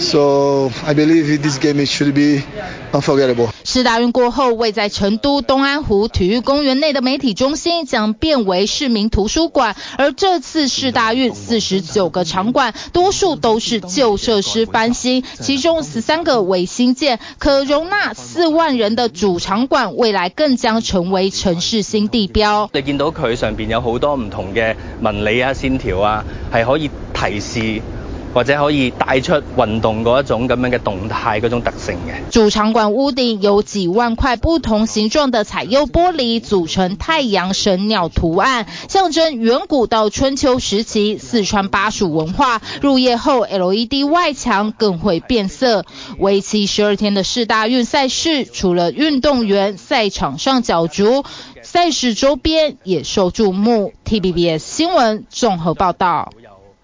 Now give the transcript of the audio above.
So, I believe this game should be unforgettable. 世大運過後，位在成都東安湖體育公園內的媒體中心將變為市民圖書館。而這次世大運，四十九個場館多數都是舊設施翻新，其中十三個為新建，可容納四萬人的主場館，未來更將成為城市新地標。你見到佢上邊有好多唔同嘅紋理啊、線條啊，係可以提示。或者可以帶出運動嗰一種咁樣嘅動態嗰種特性嘅。主場館屋頂有幾萬塊不同形狀的彩釉玻璃組成太陽神鳥圖案，象徵遠古到春秋時期四川巴蜀文化。入夜後 LED 外牆更會變色。為期十二天的世大運賽事，除了運動員賽場上角逐，賽事周邊也受注目。TVBS 新聞綜合報導。